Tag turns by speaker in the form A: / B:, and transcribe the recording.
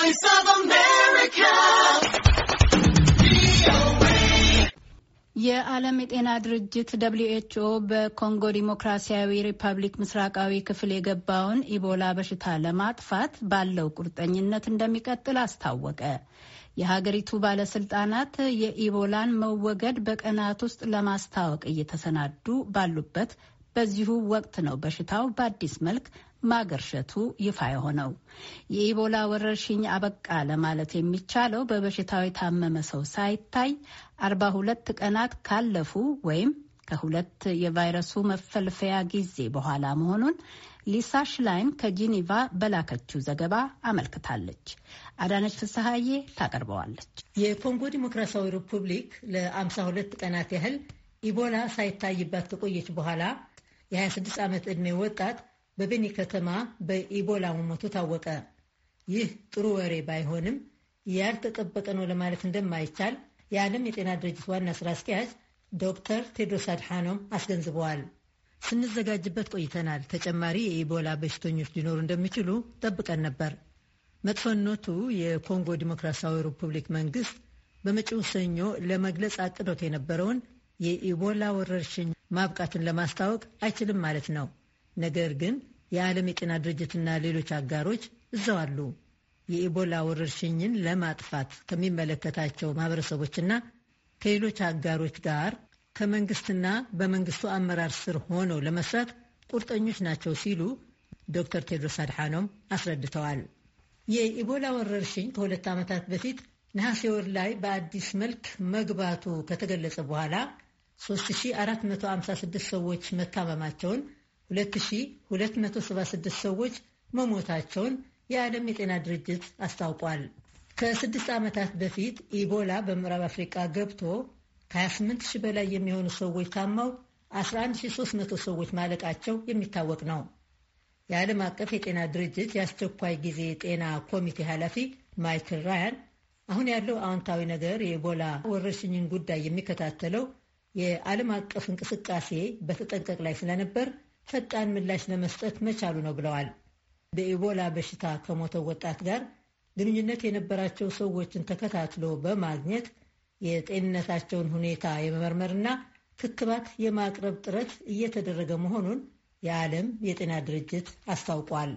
A: Voice of America. የዓለም የጤና ድርጅት ደብሊዩ ኤችኦ በኮንጎ ዲሞክራሲያዊ ሪፐብሊክ ምስራቃዊ ክፍል የገባውን ኢቦላ በሽታ ለማጥፋት ባለው ቁርጠኝነት እንደሚቀጥል አስታወቀ። የሀገሪቱ ባለስልጣናት የኢቦላን መወገድ በቀናት ውስጥ ለማስታወቅ እየተሰናዱ ባሉበት በዚሁ ወቅት ነው በሽታው በአዲስ መልክ ማገርሸቱ ይፋ የሆነው። የኢቦላ ወረርሽኝ አበቃ ለማለት የሚቻለው በበሽታው የታመመ ሰው ሳይታይ አርባ ሁለት ቀናት ካለፉ ወይም ከሁለት የቫይረሱ መፈልፈያ ጊዜ በኋላ መሆኑን ሊሳ ሽላይን ከጂኒቫ በላከችው ዘገባ አመልክታለች። አዳነች ፍስሐዬ
B: ታቀርበዋለች። የኮንጎ ዲሞክራሲያዊ ሪፑብሊክ ለ ሁለት ቀናት ያህል ኢቦላ ሳይታይባት ከቆየች በኋላ የ26 ዓመት ዕድሜ ወጣት በቤኒ ከተማ በኢቦላ መሞቱ ታወቀ። ይህ ጥሩ ወሬ ባይሆንም ያልተጠበቀ ነው ለማለት እንደማይቻል የዓለም የጤና ድርጅት ዋና ሥራ አስኪያጅ ዶክተር ቴድሮስ አድሓኖም አስገንዝበዋል። ስንዘጋጅበት ቆይተናል። ተጨማሪ የኢቦላ በሽተኞች ሊኖሩ እንደሚችሉ ጠብቀን ነበር። መጥፈነቱ የኮንጎ ዲሞክራሲያዊ ሪፑብሊክ መንግስት በመጪው ሰኞ ለመግለጽ አቅዶት የነበረውን የኢቦላ ወረርሽኝ ማብቃቱን ለማስታወቅ አይችልም ማለት ነው። ነገር ግን የዓለም የጤና ድርጅትና ሌሎች አጋሮች እዛው አሉ። የኢቦላ ወረርሽኝን ለማጥፋት ከሚመለከታቸው ማህበረሰቦችና ከሌሎች አጋሮች ጋር ከመንግስትና በመንግስቱ አመራር ስር ሆነው ለመስራት ቁርጠኞች ናቸው ሲሉ ዶክተር ቴድሮስ አድሓኖም አስረድተዋል። የኢቦላ ወረርሽኝ ከሁለት ዓመታት በፊት ነሐሴ ወር ላይ በአዲስ መልክ መግባቱ ከተገለጸ በኋላ 3456 ሰዎች መታመማቸውን፣ 2276 ሰዎች መሞታቸውን የዓለም የጤና ድርጅት አስታውቋል። ከስድስት ዓመታት በፊት ኢቦላ በምዕራብ አፍሪቃ ገብቶ ከ28 ሺህ በላይ የሚሆኑ ሰዎች ታመው 11300 ሰዎች ማለቃቸው የሚታወቅ ነው። የዓለም አቀፍ የጤና ድርጅት የአስቸኳይ ጊዜ ጤና ኮሚቴ ኃላፊ ማይክል ራያን አሁን ያለው አዎንታዊ ነገር የኢቦላ ወረርሽኝን ጉዳይ የሚከታተለው የዓለም አቀፍ እንቅስቃሴ በተጠንቀቅ ላይ ስለነበር ፈጣን ምላሽ ለመስጠት መቻሉ ነው ብለዋል። በኢቦላ በሽታ ከሞተው ወጣት ጋር ግንኙነት የነበራቸው ሰዎችን ተከታትሎ በማግኘት የጤንነታቸውን ሁኔታ የመመርመርና ክትባት የማቅረብ ጥረት እየተደረገ መሆኑን የዓለም የጤና ድርጅት አስታውቋል።